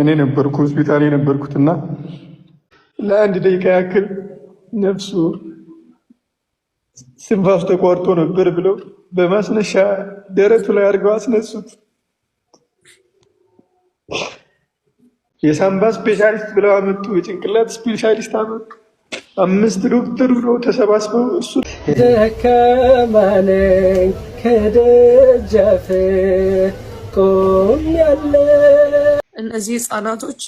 እኔ ነበርኩ ሆስፒታል የነበርኩትና ለአንድ ደቂቃ ያክል ነፍሱ ስንፋሱ ተቋርጦ ነበር ብለው በማስነሻ ደረቱ ላይ አድርገው አስነሱት። የሳምባ ስፔሻሊስት ብለው አመጡ። የጭንቅላት ስፔሻሊስት አመጡ። አምስት ዶክተር ብሎ ተሰባስበው እሱ ደካማ ከደጃፍ ቆም ያለ እነዚህ ህፃናቶች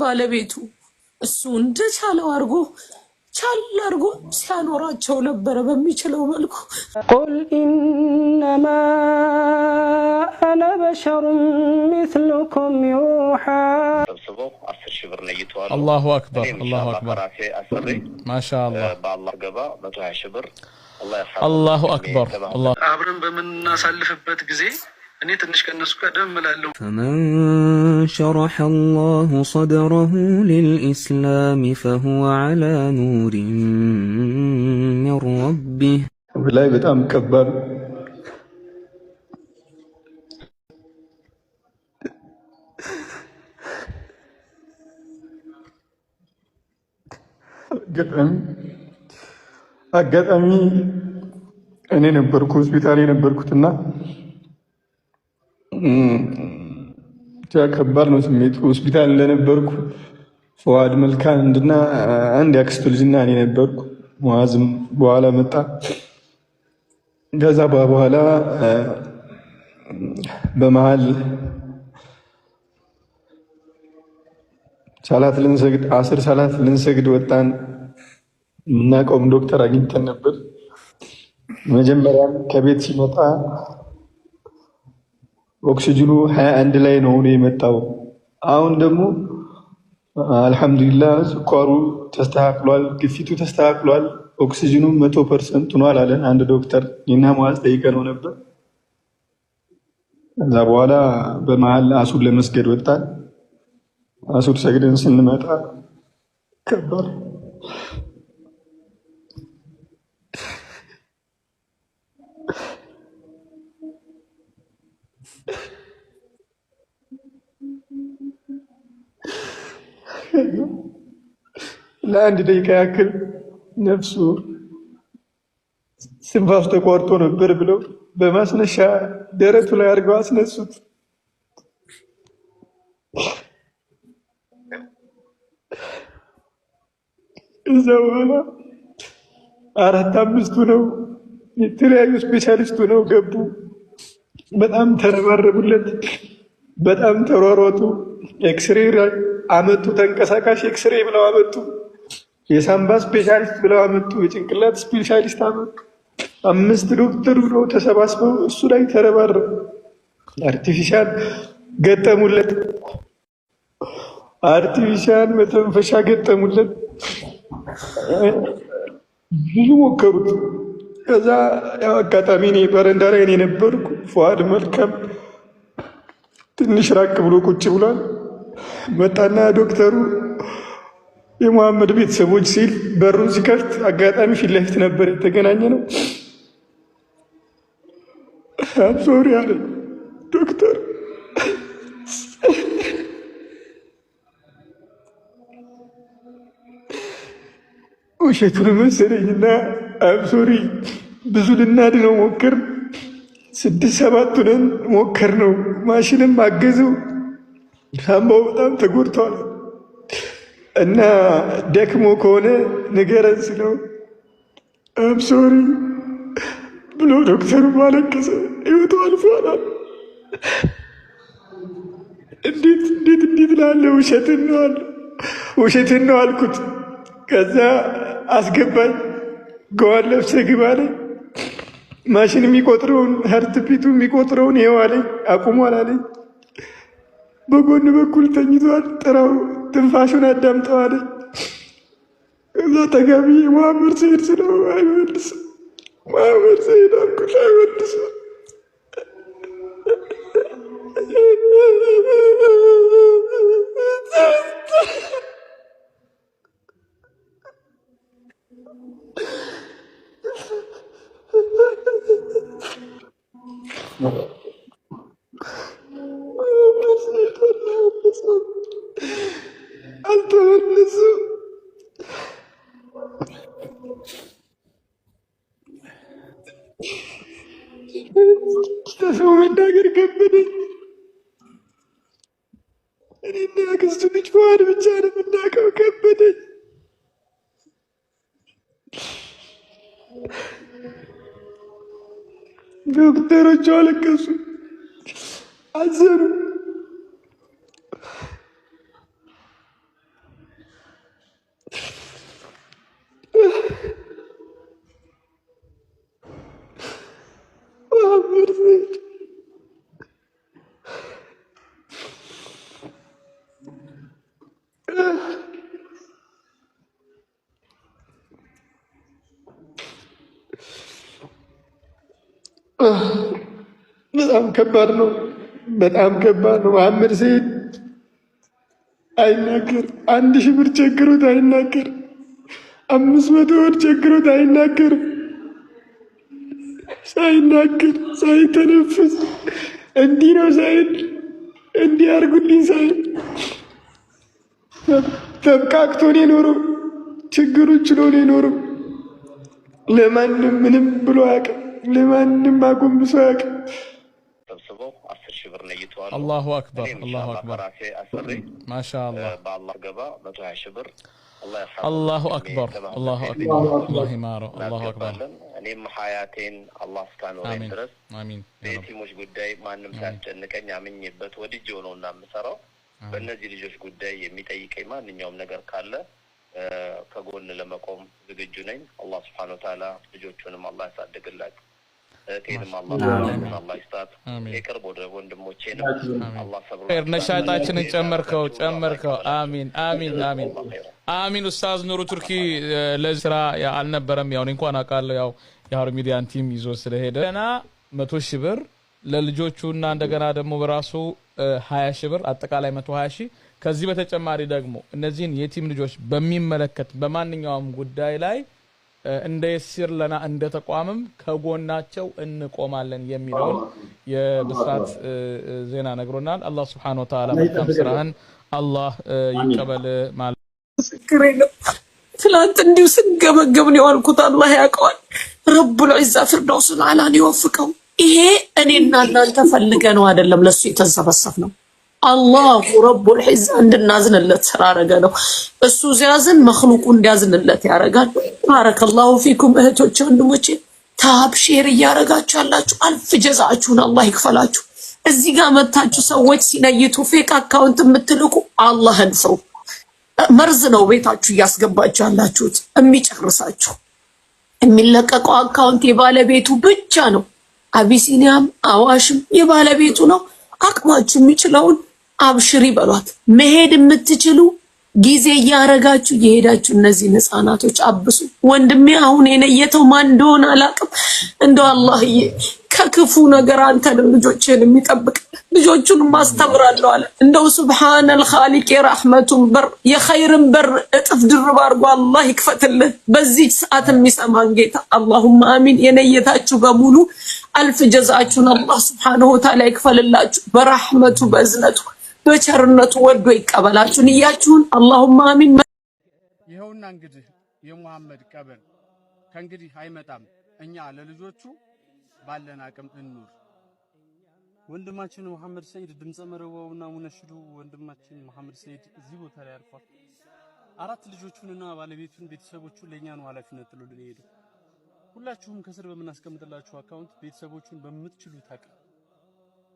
ባለቤቱ እሱ እንደቻለው አድርጎ ቻል አድርጎ ሲያኖራቸው ነበረ በሚችለው መልኩ። ቁል ኢነማ አነ በሸሩ ሚስሉኩም ዩሓ ሰብስበው አስር ሺህ ብር ነይተዋል። አላሁ አክበር አላሁ አክበር። ማሻአላህ በአላህ ገባ መቶ ሀያ ሺህ ብር አላሁ አክበር። አብረን በምናሳልፍበት ጊዜ فمن شرح الله صدره للإسلام فهو على نور من ربه بالله بتقام كبر አጋጣሚ እኔ ነበርኩ ሆስፒታል የነበርኩትና ከባድ ነው ስሜቱ። ሆስፒታል እንደነበርኩ ፈዋድ መልካን እንድና አንድ ያክስቱ ልጅና እኔ ነበርኩ። መዋዝም በኋላ መጣ። ከዛ በኋላ በመሀል ሰላት ልንሰግድ አስር ሰላት ልንሰግድ ወጣን። የምናውቀውም ዶክተር አግኝተን ነበር። መጀመሪያም ከቤት ሲመጣ ኦክሲጅኑ ሀያ አንድ ላይ ነው ነው የመጣው። አሁን ደግሞ አልሐምዱሊላ ስኳሩ ተስተካክሏል፣ ግፊቱ ተስተካክሏል፣ ኦክሲጅኑ መቶ ፐርሰንት ሆኗል አለን አንድ ዶክተር። እኔና መዋዝ ነው ነበር። ከዛ በኋላ በመሀል አሱር ለመስገድ ወጣል። አሱድ ሰግደን ስንመጣ ከባድ ለአንድ ደቂቃ ያክል ነፍሱ ስንፋስ ተቋርጦ ነበር ብለው በማስነሻ ደረቱ ላይ አድርገው አስነሱት። እዛ በኋላ አራት አምስቱ ነው የተለያዩ ስፔሻሊስቱ ነው ገቡ። በጣም ተረባረቡለት፣ በጣም ተሯሯጡ። ኤክስሬ አመጡ። ተንቀሳቃሽ ኤክስሬ ብለው አመጡ። የሳምባ ስፔሻሊስት ብለው አመጡ። የጭንቅላት ስፔሻሊስት አመጡ። አምስት ዶክተር ብለው ተሰባስበው እሱ ላይ ተረባረቡ። አርቲፊሻል ገጠሙለት። አርቲፊሻል መተንፈሻ ገጠሙለት። ብዙ ሞከሩት። ከዛ ያው አጋጣሚ እኔ በረንዳ ላይ እኔ ነበርኩ። ፏድ መልካም ትንሽ ራቅ ብሎ ቁጭ ብሏል። መጣና ዶክተሩ የመሐመድ ቤተሰቦች ሲል በሩን ሲከፍት አጋጣሚ ፊት ለፊት ነበር የተገናኘ ነው። አብሶሪ አለ ዶክተር። ውሸቱን መሰለኝና አብሶሪ ብዙ ልናድ ነው ሞክር ስድስት ሰባቱንን ሞከር ነው ማሽንም አገዘው ላማው በጣም ተጎድቷል እና ደክሞ ከሆነ ንገረን ስለው አምሶሪ ብሎ ዶክተሩ ማለቀሰ። ህይወቱ አልፏል። እንዴት እንዴት እንዴት ላለ ውሸትን ነው አለ ውሸትን ነው አልኩት። ከዛ አስገባኝ። ገዋን ለብሰ ግባ አለኝ። ማሽን የሚቆጥረውን ሀርትፒቱ የሚቆጥረውን ይኸው አለኝ። አቁሟል አለኝ። በጎን በኩል ተኝቷል። ጥራው ትንፋሹን አዳምጠዋል። እዛ ተጋቢ መሐመድ ሰይድ ስለው አይመልስም። መሐመድ ሰይድ አልኩት አይመልስም። ሰው መናገር ከበደኝ። እኔና አክስቱ ልጅ ፈዋድ ብቻ ነው የምናውቀው። ከበደኝ። ዶክተሮቹ አለቀሱ፣ አዘኑ። በጣም ከባድ ነው። በጣም ከባድ ነው። መሐመድ ሰይድ አይናገር። አንድ ሺህ ብር ቸግሮት አይናገር። አምስት መቶ ብር ቸግሮት አይናገር። ሳይናገር ሳይተነፍስ እንዲህ ነው ሳይል እንዲህ አድርጉልኝ ሳይል ተብቃቅቶ ነው የኖረው። ችግሩ ችሎ ነው የኖረው። ለማንም ምንም ብሎ አያውቅም። ለማንም አጎንብሶ አያውቅም። ሰብስበው አስር ሺህ ብር ለይተዋል። አላሁ አክበር አላሁ አክበር። ማሻአላህ በአላህ ገባ መቶ ሀያ ሺህ ብር አላሁ አክበር አላሁ አክበር። አላህ አላሁ አክበር። እኔም ሀያቴን አላህ እስካኖረኝ ድረስ አሚን በየቲሞች ጉዳይ ማንም ሳያስጨንቀኝ አምኜበት ወድጄው ነው እና የምሰራው። በእነዚህ ልጆች ጉዳይ የሚጠይቀኝ ማንኛውም ነገር ካለ ከጎን ለመቆም ዝግጁ ነኝ። አላህ ስብሐነ ወተዓላ ልጆቹንም አላህ ያሳድግላቸው። እህቴንም አላህ ይስጣት። ነሻጣችንን ጨመርከው ጨመርከው። አሚን አሚን አሚን አሚን። ኡስታዝ ኑሩ ቱርኪ ለዚህ ስራ አልነበረም። ያው እንኳን አውቃለሁ ያው የሀሩ ሚዲያን ቲም ይዞ ስለሄደ ገና መቶ ሺህ ብር ለልጆቹና እንደገና ደግሞ በራሱ ሀያ ሺህ ብር አጠቃላይ መቶ ሀያ ሺህ ከዚህ በተጨማሪ ደግሞ እነዚህን የቲም ልጆች በሚመለከት በማንኛውም ጉዳይ ላይ እንደ የሲር ለና እንደ ተቋምም ከጎናቸው እንቆማለን የሚለውን የብስራት ዜና ነግሮናል። አላህ ስብሐነ ወተዓላ መልካም ስራህን አላህ ይቀበል። ማለት ምስክሬ ነው። ትናንት እንዲሁ ስንገመገብ የዋልኩት ያልኩት። አላህ ያውቀዋል። ረቡል ዒዛ ፊርደውሱል አዕላን ይወፍቀው። ይሄ እኔና እናንተ ፈልገ ነው አይደለም፣ ለሱ የተንሰበሰብ ነው አላሁ ረቡል ዒዛ እንድናዝንለት ስላረገ ነው። እሱ ሲያዝን መክሉቁ እንዲያዝንለት ያረጋል። ባረከላሁ ፊኩም እህቶች፣ ወንድሞቼ ታብ ሼር እያረጋችሁ ያላችሁ አልፍ ጀዛችሁን አላህ ይክፈላችሁ። እዚህ ጋር መታችሁ ሰዎች ሲነይቱ ፌክ አካውንት የምትልቁ አላህን ሰው መርዝ ነው ቤታችሁ እያስገባችሁ ያላችሁት የሚጨርሳችሁ። የሚለቀቀው አካውንት የባለቤቱ ብቻ ነው። አቢሲኒያም አዋሽም የባለቤቱ ነው። አቅማችሁ የሚችለውን አብሽሪ በሏት። መሄድ የምትችሉ ጊዜ እያረጋችሁ የሄዳችሁ እነዚህን ህፃናቶች አብሱ። ወንድሜ አሁን የነየተው ማን እንደሆነ አላውቅም። አላህ አላህዬ ከክፉ ነገር አንተንም ልጆችን የሚጠብቅ ልጆቹን ማስተምራለሁ አለ። እንደው ሱብሃነል ኻሊቅ የራህመቱን በር የኸይርን በር እጥፍ ድርብ አድርጎ አላህ ይክፈትልህ። በዚህ ሰዓት የሚሰማን ጌታ አላሁማ አሚን። የነየታችሁ በሙሉ አልፍ ጀዛችሁን አላህ ሱብሃነሁ ወተዓላ ይክፈልላችሁ በራህመቱ በእዝነቱ በቸርነቱ ወዶ ይቀበላችሁን ንያችሁን። አላሁማ አሚን። ይኸውና እንግዲህ የሙሐመድ ቀብር ከእንግዲህ አይመጣም። እኛ ለልጆቹ ባለን አቅም እንኑር። ወንድማችን መሐመድ ሰይድ ድምፀ መረዋውና ሙነሽዱ ወንድማችን መሐመድ ሰይድ እዚህ ቦታ ላይ አልፏል። አራት ልጆቹንና ባለቤቱን ቤተሰቦቹን ለእኛ ነው ኃላፊነት ጥሎልን የሄደው። ሁላችሁም ከስር በምናስቀምጥላችሁ አካውንት ቤተሰቦቹን በምትችሉት አቅም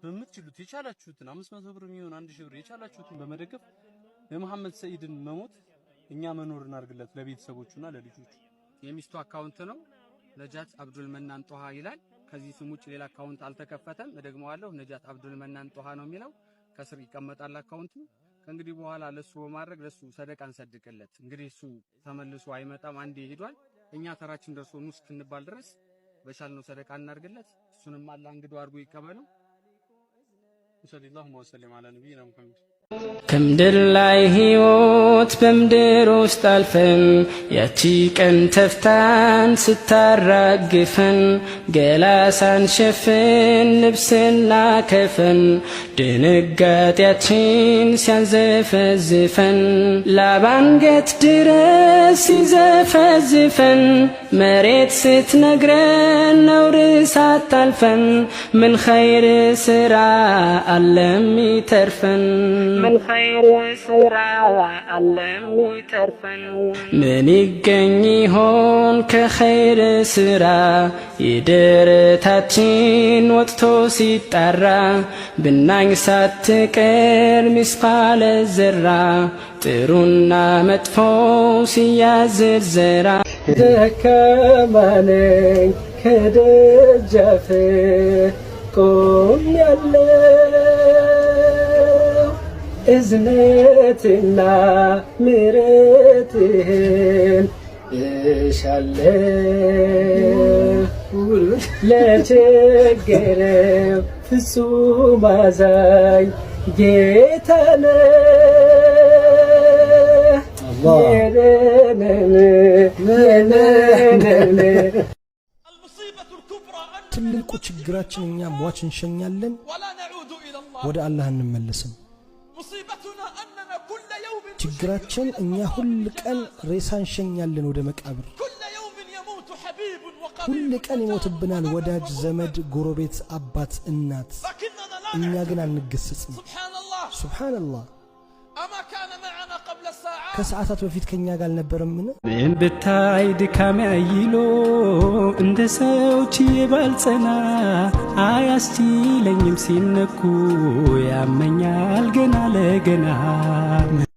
በምትችሉት የቻላችሁትን አምስት መቶ ብር የሚሆን አንድ ሺህ ብር የቻላችሁትን በመደገፍ የመሐመድ ሰኢድን መሞት እኛ መኖር እናድርግለት ለቤተሰቦቹና ለልጆቹ። የሚስቱ አካውንት ነው ነጃት አብዱል መናን ጦሃ ይላል። ከዚህ ስም ውጭ ሌላ አካውንት አልተከፈተም። እደግመዋለሁ፣ ነጃት አብዱል መናን ጦሃ ነው የሚለው። ከስር ይቀመጣል አካውንቱ። ከእንግዲህ በኋላ ለሱ በማድረግ ለሱ ሰደቃ እንሰድቅለት። እንግዲህ እሱ ተመልሶ አይመጣም፣ አንዴ ሄዷል። እኛ ተራችን ደርሶ ኑ እስክንባል ድረስ በቻልነው ሰደቃ እናድርግለት። እሱንም አላህ እንግዶ አድርጎ ይቀበለው። وصلى اللهم وسلم على نبينا محمد ከምድር ላይ ሕይወት በምድር ውስጥ አልፈን ያቺ ቀን ተፍታን ስታራግፈን ገላ ሳንሸፍን ልብስና ከፈን ድንጋጤያችን ሲያንዘፈዝፈን ላባንገት ድረስ ሲዘፈዝፈን መሬት ስትነግረን ነውር ሳታልፈን ምን ኸይር ስራ አለም ምን ኸይር ስራ አለም ይተርፈን ምን ይገኝ ይሆን ከኸይር ስራ የደረታችን ወጥቶ ሲጣራ ብናኝ ሳትቀር ሚስቃለ ዘራ ጥሩና መጥፎ ሲያዝር ዘራ ደከማነኝ ከደጃፍ ቆም ያለ እዝነትና ምሕረትህን እሻለሁ ለቸገረው ፍጹም አዛኝ ጌታነ ትልቁ ችግራችን እኛ ሟች እንሸኛለን፣ ወደ አላህ እንመለስም። ችግራችን እኛ ሁል ቀን ሬሳ እንሸኛለን ወደ መቃብር፣ ሁል ቀን ይሞትብናል ወዳጅ፣ ዘመድ፣ ጎረቤት፣ አባት፣ እናት። እኛ ግን አንገሰጽም። ሱብሓነላህ። ከሰዓታት በፊት ከኛ ጋር አልነበረምን? ምን ብታይ ድካሜ አይሎ እንደ ሰው ችዬ ባልጸና አያስችለኝም ሲነኩ ያመኛል ገና ለገና